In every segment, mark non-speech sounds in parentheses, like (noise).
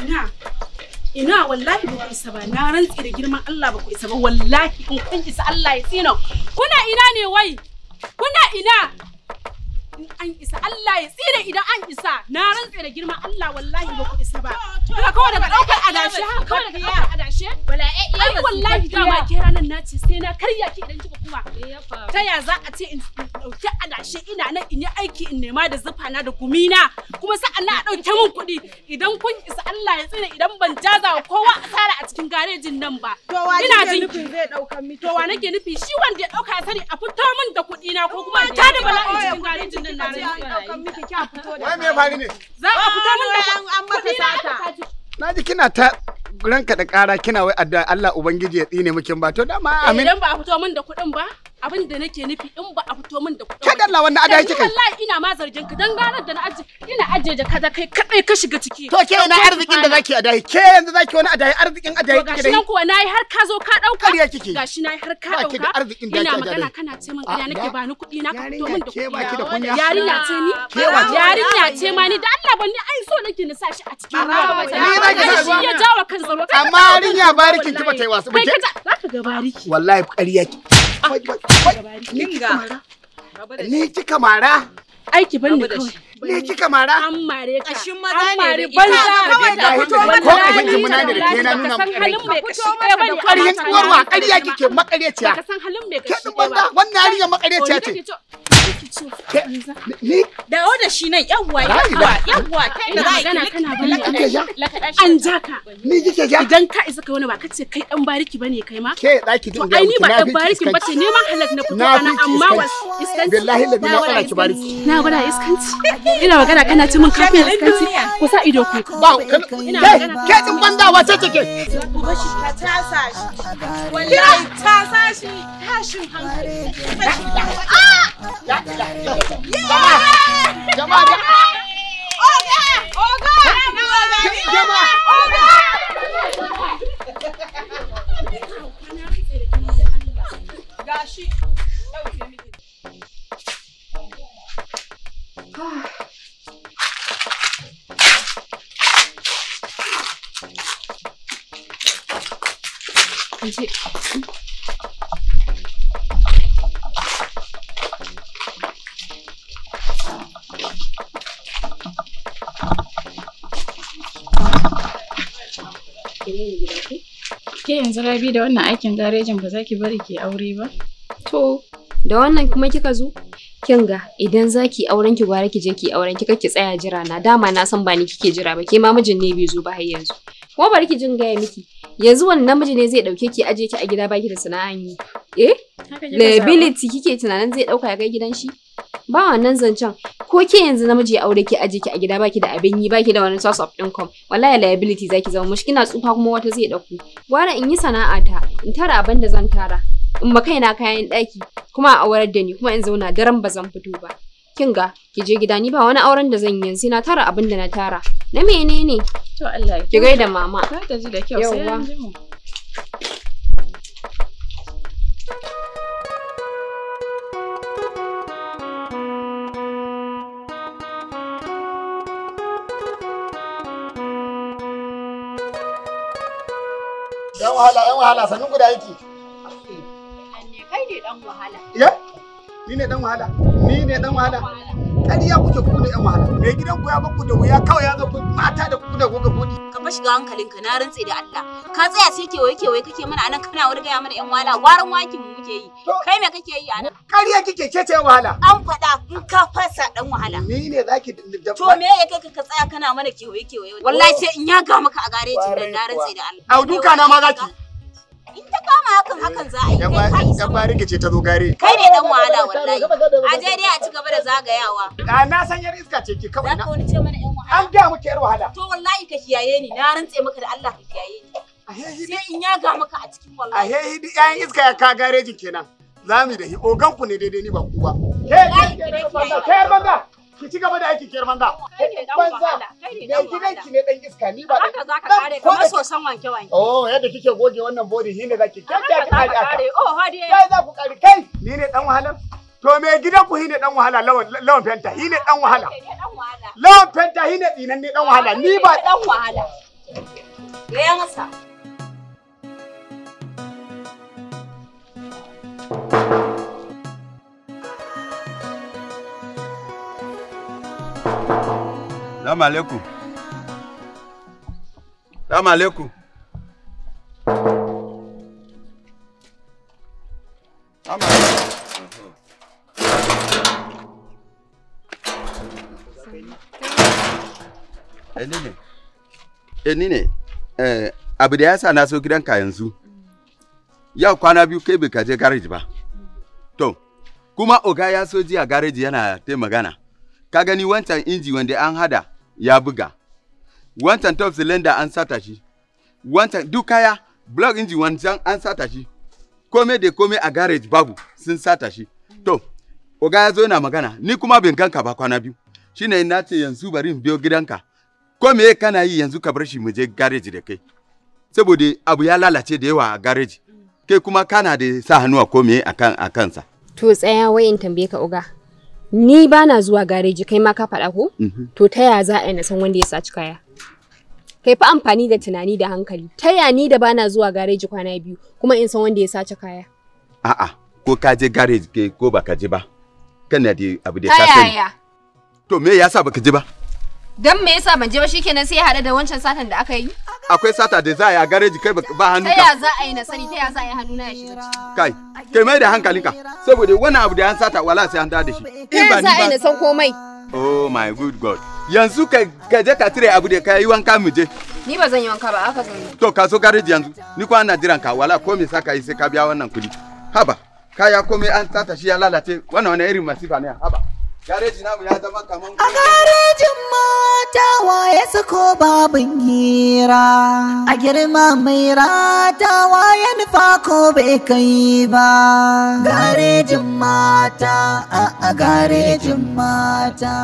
ina ina wallahi ba ku isa ba na rantse da girman Allah ba ku isa ba wallahi in kun isa Allah ya tsina kuna ina ne wai kuna ina an isa Allah ya tsira idan an isa na rantse da girma Allah wallahi ba ku isa ba daga kawai daga daukar adashe ha kawai daga daukar adashe wala eh ai wallahi dama ke ranan na ce sai na karya ki idan kika kuma ta ya za a ce in dauke adashe ina nan in yi aiki in nema da na da gumi na kuma sai na a dauke min kuɗi idan kun isa Allah ya tsire idan ban jaza wa kowa asara a cikin garejin nan ba ina jin nufin zai dauka mi to wa nake nufi shi wanda ya dauka asari a fito min da kuɗi na ko kuma ta da bala'i cikin garejin nan na an Na kina ta ranka da ƙara kina wai addu'a Allah Ubangiji ya tsine mukin ba to dama amin. Eh, idan ba a fito mun da kuɗin ba. abin da nake nufi in ba a fito min da kuɗin kada Allah wannan adai kike wallahi ina ma zargin ka dan ranar da na aje ina aje da kaza kai kadai ka shiga ciki to ke na arzikin da zaki adai ke yanzu zaki wani adai arzikin adai kike gashi nan kuwa nayi har ka zo ka dauka kariya kike gashi nayi har ka dauka ina magana kana ce min ina nake ba ni kuɗi na ka fito min da kuɗi ba ki da kunya yarinya ce ni yarinya ce ma ni da Allah ban ni ai so nake na sashi a cikin ni zaki ga shi ya jawo kan tsaro amma yarinya barikin ki ba ta yi wasu ba ke za ka ga bariki wallahi kariya ki ah. Ni kika mara? Ai ki bani kawai. Ni kika mara? An mare ka. Kashin maza ne da ita. Kawai da fito mana ko uban ki muna ne da ke na nuna. San halin mai kashi ɗaya bane. Ƙaryan ƙwarwa ƙarya kike makaryaciya. Ka halin mai kashi ɗaya ba. wannan yarinya makaryaciya ce. Dawo da shi nan yawwa yawwa yawwa ta inda za a yi kana bani an ja ka. Ni kike ja? Idan ka isa kai wani ba kace kai dan bariki bane kai ma. Ke daki din ai ni ba dan bariki bace ni ma halak na fito kana amma was iskanci. Billahi la na fara ki bariki. Na gwada iskanci. (laughs) Ina magana kana ci min kafin iskanci. Ku sa ido ku. Ba ina Ke din banda wace take? Ba shi ta tasa shi. Wallahi tasa shi. Tashin hankali. Ah! yanzu rabi da wannan aikin garejin ba za ki bari ki aure ba? To, da wannan kuma kika zo? Kin ga idan za ki auren ki gwara ki je ki auren ki ki tsaya jira na dama na san ba ni kike jira ba ke ma mijin ne bai zo ba har yanzu. Kuma bari ki jin gaya miki yanzu wannan namiji ne zai dauke ki aje ki a gida baki da sana'an yi. Eh? Liability kike tunanin zai dauka ya kai gidan shi? ba wannan zancen ko ke yanzu namiji ya aure ki aje ki a gida baki da abin yi baki da wani source of income wallahi liability zaki zama mushkin kina tsufa kuma wata zai dauko gwara in yi sana'a ta in tara abin da zan tara in ba kaina kayan daki kuma a aurar da ni kuma in zauna daren ba zan fito ba kin ga ki je gida ni ba wani auren da zan yi yanzu na tara abin da na tara na menene to Allah ki gaida mama ka ji da kyau sai an ji mu yan wahala ɗan wahala sannin ku da aiki kai ne dan wahala ya ni ne dan wahala ni ne dan wahala ya kuke ku da yan wahala mai gidan ku ya bakku da wuya kawai ya ku mata da ku da ku ga bodi ka fa shiga hankalinka na rantse da Allah ka tsaya sai kewaye kewaye kake mana anan kana wani gaya mana yan wahala warin wakin mu muke yi kai me kake yi anan Ƙarya kike ke ce wahala. An faɗa in ka fasa dan wahala. Ni ne zaki da To me yake kai ka tsaya kana mana kewaye kewaye. Wallahi sai in ya ga maka a gareji da na sai da Allah. Au duka na ma zaki. In ta kama hakan hakan za a yi kai kai. Dan ba rike ce ta zo gare. Kai ne dan wahala wallahi. A je dai a ci gaba da zagayawa. A na san yar iska ce ki kawai na. Za ka wani ce mana yan wahala. An ga muke yar wahala. To wallahi ka kiyaye ni na rantse maka da Allah ka kiyaye ni. Sai in ya ga maka a cikin wallahi. A hehidi 'ya'yan iska ya ka garejin kenan. zami da ogan ku ne daidai ni ba ku ba ke ke banga, ki ci gaba da aiki kiyar banza banza mai gidan ki ne dan iska ni ba haka zaka kare kamar sosan wanke wanke oh yadda kike goge wannan body shine zaki ke ke ki kare oh hade kai za ku kare kai ni ne dan wahalan to mai gidan shine dan wahala lawan fenta shine dan wahala lawan fenta shine dinan ne dan wahala ni ba dan wahala Gaya Salamu alaikum. Salamu alaikum. Eni alaikum. Eni ne? Eh, abu da ya sa na so gidanka yanzu. Yau kwana biyu kai bai je garage ba. To, kuma oga ya so jiya garage yana ta magana. Ka gani wancan inji wanda an hada ya buga wancan top cylinder an sata shi wancan duka ya block engine wancan an sata shi komai da komai a garage babu sun sata shi to oga ya zo yana magana ni kuma bin ganka ba kwana biyu shine na ce yanzu bari in biyo gidanka ko me kana yi yanzu ka bar shi mu je garage da kai saboda abu ya lalace da yawa a gareji kai kuma kana da sa hannu a kome akan kansa. To tsaya wayin tambaye ka oga. ni ba na zuwa gareji kai ma ka faɗa ko mhm. to ta ya za a yi na san wanda ya saci kaya kai fa amfani da tunani da hankali ta ya ni da ba na zuwa gareji kwana biyu kuma in san wanda ya saci kaya a'a ko ka je gareji kai ko ba ka je ba kana da abu da ka sani to me yasa baka je ba dan me yasa ban je ba shikenan sai ya hada da wancan satan da aka yi akwai sata da za a yi a gareji kai ba hannu ka. za a yi na sani ta ya za a yi hannu na ya shiga Kai, kai mai da ka saboda wannan abu da yan sata wala sai an da da shi. in ba. za a yi na san komai. Oh my good God. Yanzu ka je ka tire abu da ka yi wanka mu je. Ni ba zan yi wanka ba aka zan yi. To ka so gareji yanzu ni kuwa ana jiran ka wala ko me ka yi sai ka biya wannan kudi Haba kaya komai an sata shi ya lalace wannan wani irin masifa ne haba. ya zama A garejin mata waye suko babin hira. A girma mai rata waye nufa ko bai kai ba. Garejin mata, a garejin mata.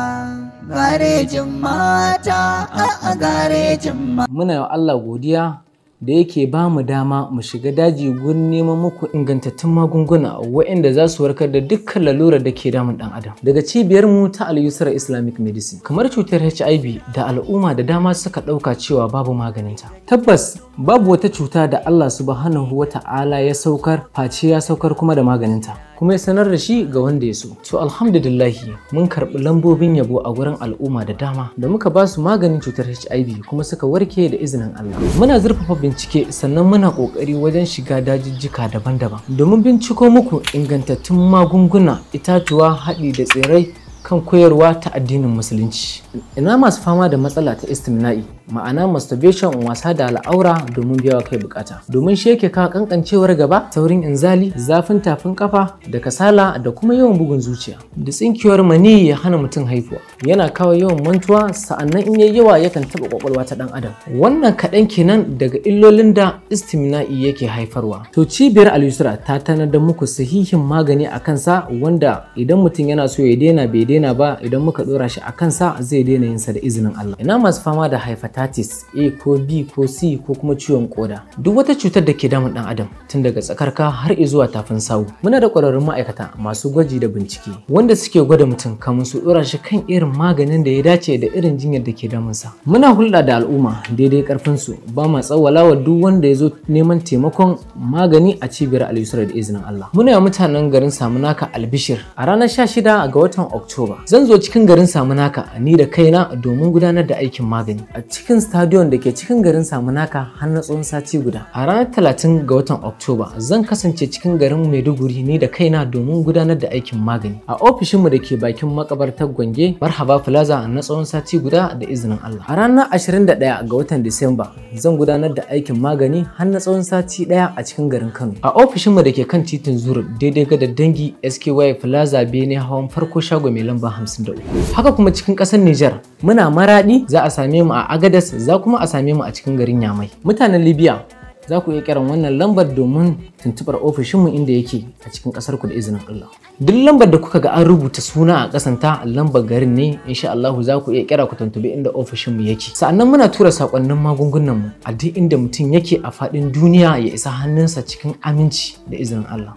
Garejin mata, a garejin mata. Muna Allah godiya da yake ba mu dama mu shiga daji gurin neman muku ingantattun magunguna waɗanda za su warkar da dukkan lalurar da ke damun ɗan adam daga cibiyar mu ta al islamic medicine kamar cutar hiv da al'umma da dama suka ɗauka cewa babu maganinta tabbas babu wata cuta da allah subhanahu wa ta'ala ya saukar face ya saukar kuma da maganinta kuma ya sanar da shi ga wanda ya so. To alhamdulillahi mun karɓi lambobin yabo a wurin al'umma da dama da muka ba su maganin cutar HIV kuma suka warke da izinin Allah. Muna zurfafa bincike sannan muna ƙoƙari wajen shiga dajijjika daban-daban domin binciko muku ingantattun magunguna itatuwa haɗi da tsirai kan koyarwa ta addinin musulunci. Ina masu fama da matsala ta istimna'i ma'ana masturbation wasa da al'aura domin biyawa kai bukata domin shi yake kawo kankancewar gaba saurin inzali zafin tafin kafa da kasala da kuma yawan bugun zuciya da tsinkiyar mani ya hana mutum haihuwa yana kawo yawan mantuwa sa'annan in yayi yawa yakan taba kwakwalwa ta dan adam wannan kaɗan kenan daga illolin da istimna'i yake haifarwa to cibiyar al-yusra ta tanar da muku sahihin magani a kansa wanda idan mutum yana so ya daina bai daina ba idan muka dora shi a kansa zai daina yin sa da izinin Allah ina masu fama da haifata hepatitis A ko B ko C ko kuma ciwon koda. Duk wata cutar da ke damun ɗan adam tun daga tsakar ka har zuwa tafin sawu. Muna da kwararrun ma'aikata masu gwaji da bincike wanda suke gwada mutum kamar su ɗora shi kan irin maganin da ya dace da irin jinyar da ke sa Muna hulɗa da al'umma daidai karfin su ba ma tsawalawa duk wanda ya zo neman taimakon magani a cibiyar Al-Yusra da izinin Allah. Muna yi mutanen garin Samunaka Albishir a ranar 16 ga watan Oktoba. Zan zo cikin garin Samunaka ni da kaina domin gudanar da aikin magani a cikin cikin stadion da ke cikin garin Samunaka har na tsawon sati guda. A ranar 30 ga watan Oktoba zan kasance cikin garin Maiduguri ne da kaina domin gudanar da aikin magani. A ofishinmu da ke bakin makabartar Gwange, Marhaba Plaza na tsawon sati guda da izinin Allah. A ranar 21 ga watan Disamba zan gudanar da aikin magani har na tsawon sati daya a cikin garin Kano. A ofishinmu da ke kan titin Zuru daidai ga da dangi SKY Plaza Bene hawan farko shago mai lamba 53. Haka kuma cikin ƙasar Nijar muna maraɗi za a same mu a Agada Agadez za kuma a same mu a cikin garin Yamai. Mutanen Libya za ku iya kiran wannan lambar domin tuntubar ofishinmu inda yake a cikin ƙasar ku da izinin Allah. Duk lambar da kuka ga an rubuta suna a ƙasanta lambar garin ne insha Allahu za ku iya kira ku tuntubi inda ofishinmu yake. Sa'annan muna tura sakonnin magungunan mu a duk inda mutum yake a fadin duniya ya isa hannunsa cikin aminci da izinin Allah.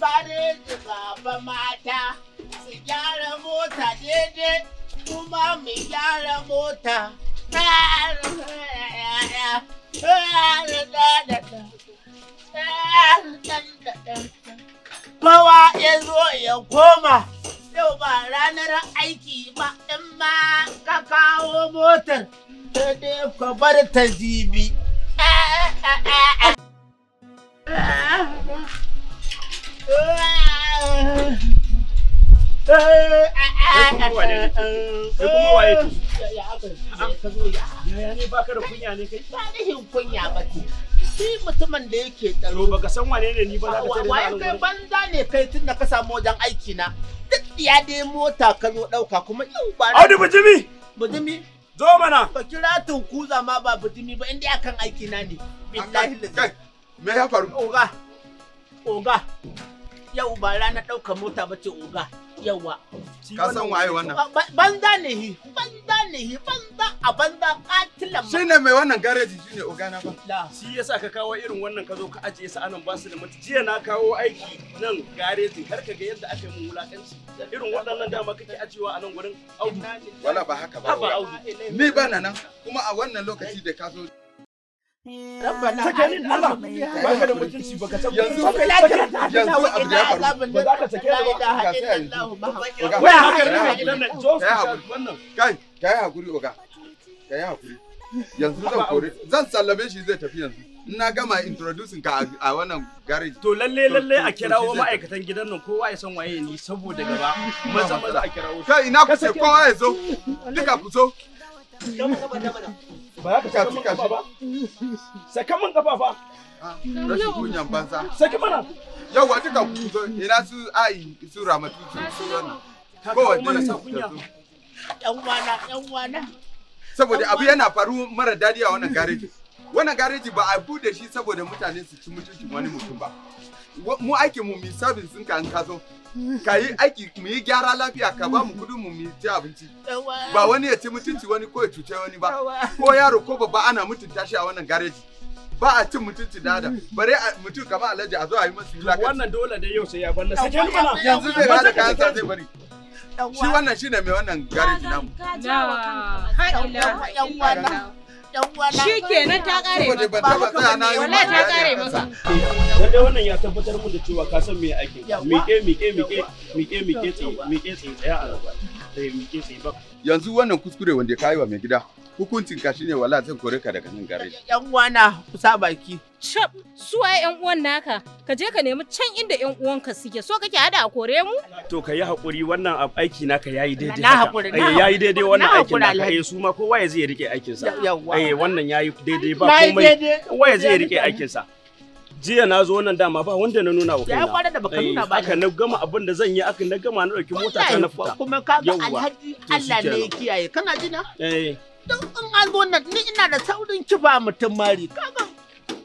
Bare baba mata su gyara mota daidai kuma mu gyara mota Kowa ya zo ya koma yau ba ranar aiki ba in ma ka kawo motar ta dai ka bar ta zibi. Ah kuma baka da kunya ne kai ba rashin kunya ba ce shi mutumin da yake tsaro baka san wane ne ni ba za ka tare da waye kai banza ne kai tunda ka samu wajen aiki na duk ya dai mota ka zo dauka kuma yau ba Audu bijimi bijimi zo mana ba kira kuza ma ba bijimi ba inda akan aiki na ne billahi kai me ya faru oga oga yau ba rana dauka mota ba ce oga yawa ka san waye wannan banza ne hi banza ne hi banza a banza katilan shine mai wannan gareji shine ogana ba shi yasa ka kawo irin wannan ka zo ka ajiye sa anan basu da mutu jiya na kawo aiki nan garejin har ka ga yadda aka yi mun wulakanci irin waɗannan dama kake ajiyewa a nan gurin audu wala ba haka ba audu ni ba nan kuma a wannan lokaci da ka zo rabbana sake ni Allah ba ka yanzu za ka sake ba ka yanzu hakuri yanzu zan kore zan sallame shi zai tafi yanzu na gama introducing ka a wannan garin. to lalle lalle a kirawo ma'aikatan gidan nan kowa ya san waye ni saboda gaba maza maza a kirawo kai ina kusa kowa ya zo duka ku so ba za ka tuka shi ba saka min kafa fa rashin kunyan banza saki mana yawwa duka ku ina su ai su ramatu su su wannan kowanne mana sa kunya yan wana saboda abu yana faru mara dadi a wannan gareji wannan gareji ba a bude shi saboda mutane su ci mutuncin wani mutum ba mu aikin mu mi sabin sun ka an ka zo ka yi aiki mu yi gyara lafiya ka ba mu kudin mu ci abinci ba wani ya ci mutunci wani ko ya cuce wani ba ko yaro ko babba ana mutunta shi a wannan gareji ba a cin mutunci da da bare mutum kama alhaji a zo a yi masu wulakanci wannan dole da yau sai ya banna sake mana yanzu zai bada kayan sa zai bari shi wannan shine mai wannan gareji namu shi kenan ta kare wallahi ta kare maka lalle wannan ya tabbatar mun da cewa ka san me ake mike mike mike mike mike tsi mike tsi tsaye a gaba sai mike tsi ba yanzu wannan kuskure wanda ka yi wa mai gida hukuncin ka shine wala zan kore ka daga nan gare shi yan uwana ku sa baki su suwa yan uwan naka, ka je ka nemi can inda yan uwanka suke. So kake hada a kore mu? To ka yi hakuri wannan aiki naka yayi daidai. Na hakuri eh, na. Yayi daidai wannan aiki naka. kai su ma kowa ya zai rike aikin sa. Eh wannan yayi daidai ba komai. Kowa ya zai rike aikin sa. jiya na zo nan dama ba wanda na nuna wa kaina. Ya kwada da baka nuna ba. Eh, aka na gama abin da zan yi aka na gama na dauki mota ta na fita. Kuma ka ga Alhaji Allah ne ya kiyaye. Kana jina? Eh. Don in an zo nan ni ina da saurin kiba mutum mari. Kaga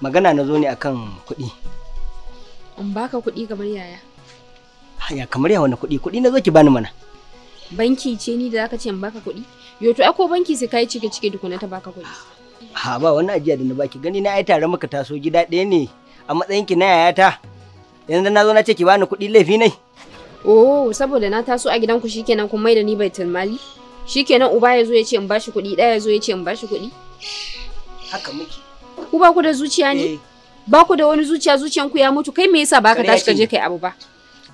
magana na zo ne akan kuɗi in baka kuɗi kamar yaya ya kamar yawa na kuɗi kuɗi na zo ki bani mana banki ce ni da zaka ce in baka kuɗi yo to ako banki sai kai cike cike dukuna ta baka kuɗi ha ba wani ajiya da na baki gani na ai tare maka taso gida ɗaya ne a matsayin ki na yayata yanzu na zo na ce ki bani kuɗi laifi ne oh saboda na taso a gidan ku shikenan kun mai da ni baitul mali shikenan uba ya zo ya ce in bashi kuɗi ɗaya ya zo ya ce in bashi kuɗi haka muke ku ba ku da zuciya ne eh. ba ku da wani zuciya zuciyan ku ya mutu kai me yasa ba ka tashi ka je kai abu ba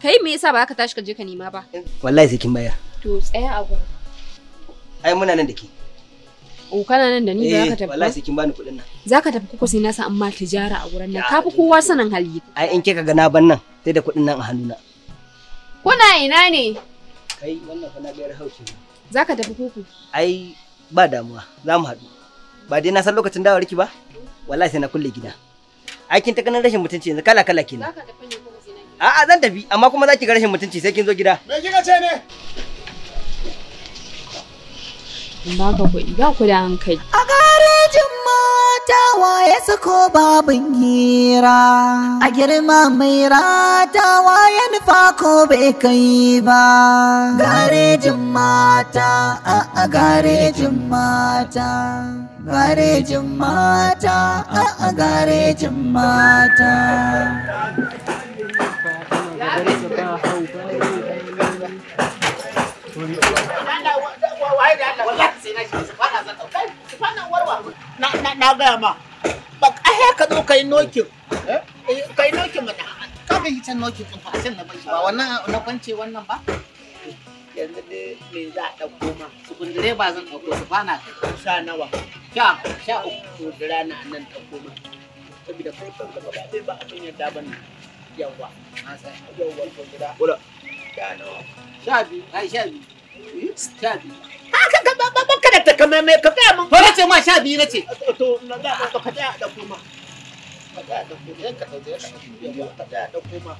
kai me yasa ba ka tashi ka je ka nema ba wallahi sai kin bayar to tsaya a gurin ai muna nan da ke o oh, kana nan da ni ba ka eh, tafi wallahi sai kin bani kuɗin nan za ka tafi ko sai na san amma tijara a gurin nan ka fi kowa sanin hali ai in kika ga na ban nan sai da kuɗin nan a hannuna kuna ina ne kai wannan fa na gayar haushi za ka tafi kuku ai ba damuwa za mu haɗu ba dai na san lokacin ki ba wallahi sai na kulle gida aikin ta kanan rashin mutunci yanzu kala kala kenan a'a zan tafi amma kuma zaki ga rashin mutunci sai kin zo gida me kika ce ne ba kuɗi ku da hankali a garejin mata waye ko babin hira a girma mai rata waye nufa ko bai kai ba garejin mata a garejin mata garejin mata a garejin mata na gaya ma ba ƙahe ka zo kai nokin eh, kai nokin mana ka bai hitan nokin tsofa a can na bai ba wannan na kwance wannan ba yanzu ne me za a ɗauko ma sukundire direba zan ɗauko su fana ta. sha nawa sha sha uku dira na nan ɗauko ma saboda kai kan gaba ba zai ba a abin yadda ba ne yawa yawa ko gida kula sha nawa sha biyu ai sha biyu eh, sha biyu haka ka ba ba ka da takamaimai ka gaya ma sha biyu nace to na za a ɗauka ta ɗauko ma ka ta ɗauko ma ka ta ɗauko ma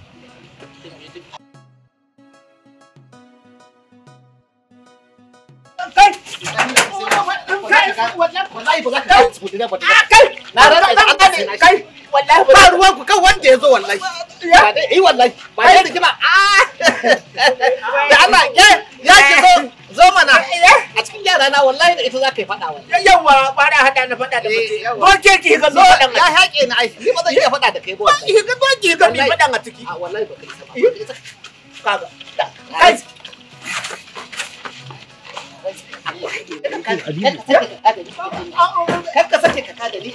kai kai ba ruwan zo zo mana a cikin yara na ita ba da faɗa da ba kaga kai kai aliyu kar ka sake ka kada ni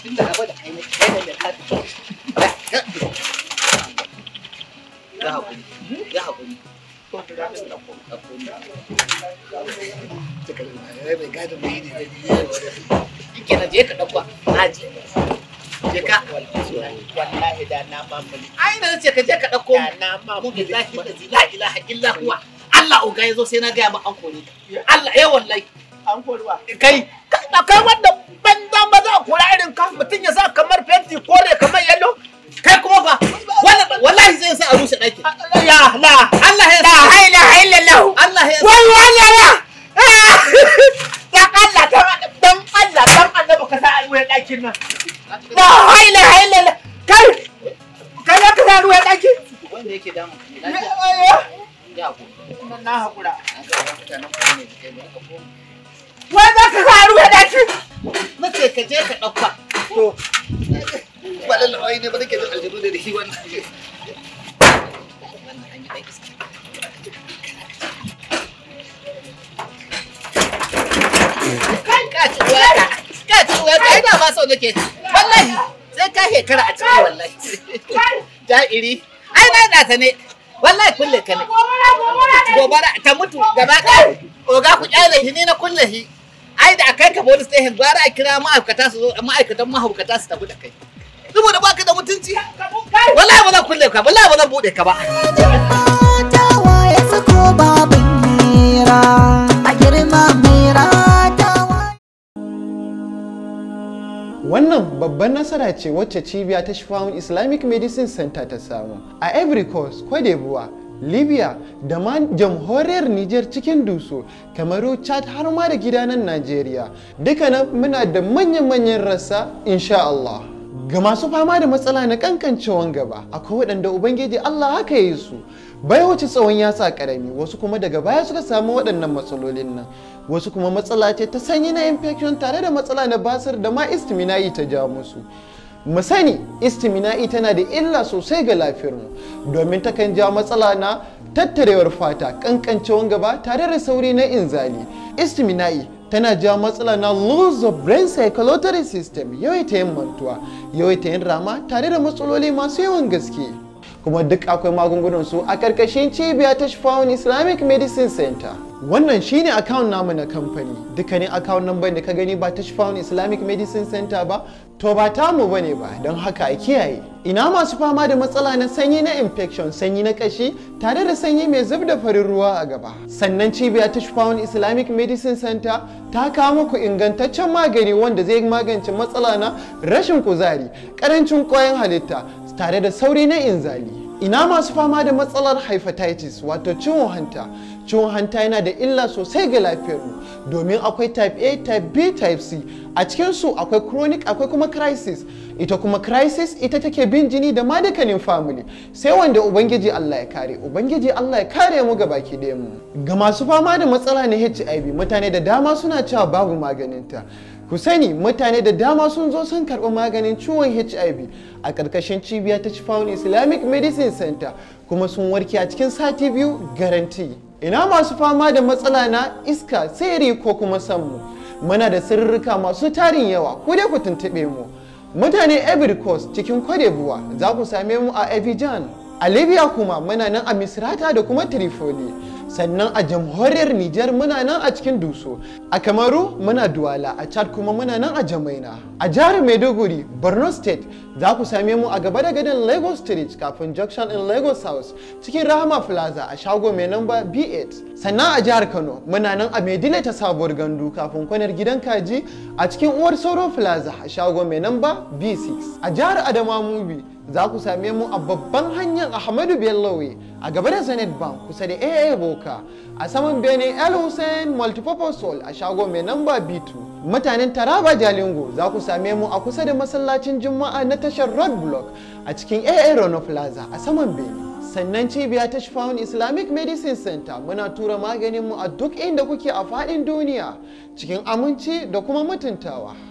tun da abu da kai ne kai ne da ka ya hakuri ya hakuri Ike na je ka ɗauka, na je. Je ka. Wallahi da na mamuli. Ai na ce ka je ka ɗauko. Da na mamuli. Mun da zahi da zila ilaha illa huwa. Allah oga ya sai na gaya ma an kore ka. Allah eh wallahi. An wa? Kai kai wanda banza ba za a kora irin ka mutum ya sa kamar fenti kore kamar yalo. Kai kuma fa wallahi zai sa a rushe ɗakin. Ya la Allah ya La Allah ya sa. Wallahi la. Dan Allah dan Allah dan Allah baka sa a rushe ɗakin nan. La Kai ka sa a rushe ɗakin. Wanda yake damu. Na haƙura. Wai za ka faru da dace? Mace ka je ka ɗauka. To. Ba lallawai ne ba nake jin aljihu da shi wannan. yi ka ci wata. Ka ci wata. Ina ba sau nake. Wallahi. Sai ka shekara a ciki wallahi. Ja'iri. Ai na ta ne. wallahi kulle ka ne gobara ta mutu gaba ɗaya oga ku kyale shi ni na kulle shi ai da akai ka police station gwara a kira ma'aikata su zo ma'aikatan mahaukata su tafi da kai saboda ka da mutunci wallahi ba zan kulle ka wallahi ba zan buɗe ka ba tawaye sako babin hira a girma mai Wannan babban nasara ce wacce cibiya ta Shifawun Islamic Medicine Center ta samu. A Ivory Coast, Cote Libya da ma jamhuriyar Nijar cikin duso, Kamaru, Chad har ma da gidanan Najeriya. na muna da manyan-manyan rasa insha Allah. Ga masu fama da matsala na kankancewan gaba, akwai waɗanda Ubangiji Allah haka yi su. bai wuce tsawon yatsa karami wasu kuma daga baya suka samu waɗannan matsalolin nan wasu kuma matsala ce ta sanyi na infection tare da matsala na basir da ma istimina'i ta ja musu mu sani istimina'i tana da illa sosai ga lafiyarmu domin ta kan ja matsala na tattarewar fata kankancewan gaba tare da sauri na inzali istimina'i tana ja matsala na lose of brain circulatory system yawaita yin mantuwa yawaita yin rama tare da matsaloli masu yawan gaske kuma duk akwai magungunan su a karkashin cibiya ta Shifawun Islamic Medicine Center. Wannan shine account namu na kamfani. Dukkanin account number da ka gani ba ta Shifawun Islamic Medicine Center ba, to ba tamu bane ba, don haka a kiyaye. Ina masu fama da matsala na sanyi na infection, sanyi na kashi, tare da sanyi mai zub da farin ruwa a gaba. Sannan cibiya ta Shifawun Islamic Medicine Center ta kawo muku ingantaccen magani wanda zai magance matsala na rashin kuzari, karancin ƙwayan halitta, tare da sauri na inzali ina masu fama da matsalar hepatitis wato ciwon hanta ciwon hanta yana da illa sosai ga lafiyarmu domin akwai type a type b type c a su akwai chronic akwai kuma crisis ita kuma crisis ita take bin jini da madakanin family sai wanda ubangiji allah ya kare ubangiji allah ya kare mu ga baki ɗaya mu ga masu fama da matsala na hiv mutane da dama suna cewa babu maganinta ku sani mutane da dama sun zo sun karɓi maganin ciwon hiv a ƙarƙashin cibiya ta chifawun islamic medicine center kuma sun warke a cikin sati biyu garanti ina masu fama da matsala na iska tsere ko kuma sanmu muna da sirrika masu tarin yawa ku dai ku tuntuɓe mu mutane ivory coast cikin kwadebuwa za ku same mu a abidjan a libya kuma muna nan a misrata da kuma trifoli sannan a jamhuriyar Nijar muna nan a cikin Duso a Kamaru muna Duwala a Chad kuma muna nan a Jamaina a jihar Maiduguri Borno State za ku same mu a gaba da gadon Lagos Street kafin Junction in Lagos House cikin Rahama Plaza a shago mai namba B8 sannan a jihar Kano muna nan a Maidile ta sabuwar gandu kafin kwanar gidan kaji a cikin Uwar Sauro Plaza a shago mai namba B6 a jihar Adamawa Mubi za ku same mu a babban hanyar Ahmadu bello a gaba da Zenith Bank kusa da AA Boka a saman Bene El Hussein Multipurpose a shago mai namba B2. Mutanen Taraba Jalingo za ku same mu a kusa da masallacin Juma'a na tashar Road Block a cikin AA Rono Plaza a saman Bene. Sannan cibiya ta Shifawun Islamic Medicine Center muna tura maganinmu a duk inda kuke a faɗin duniya cikin aminci da kuma mutuntawa.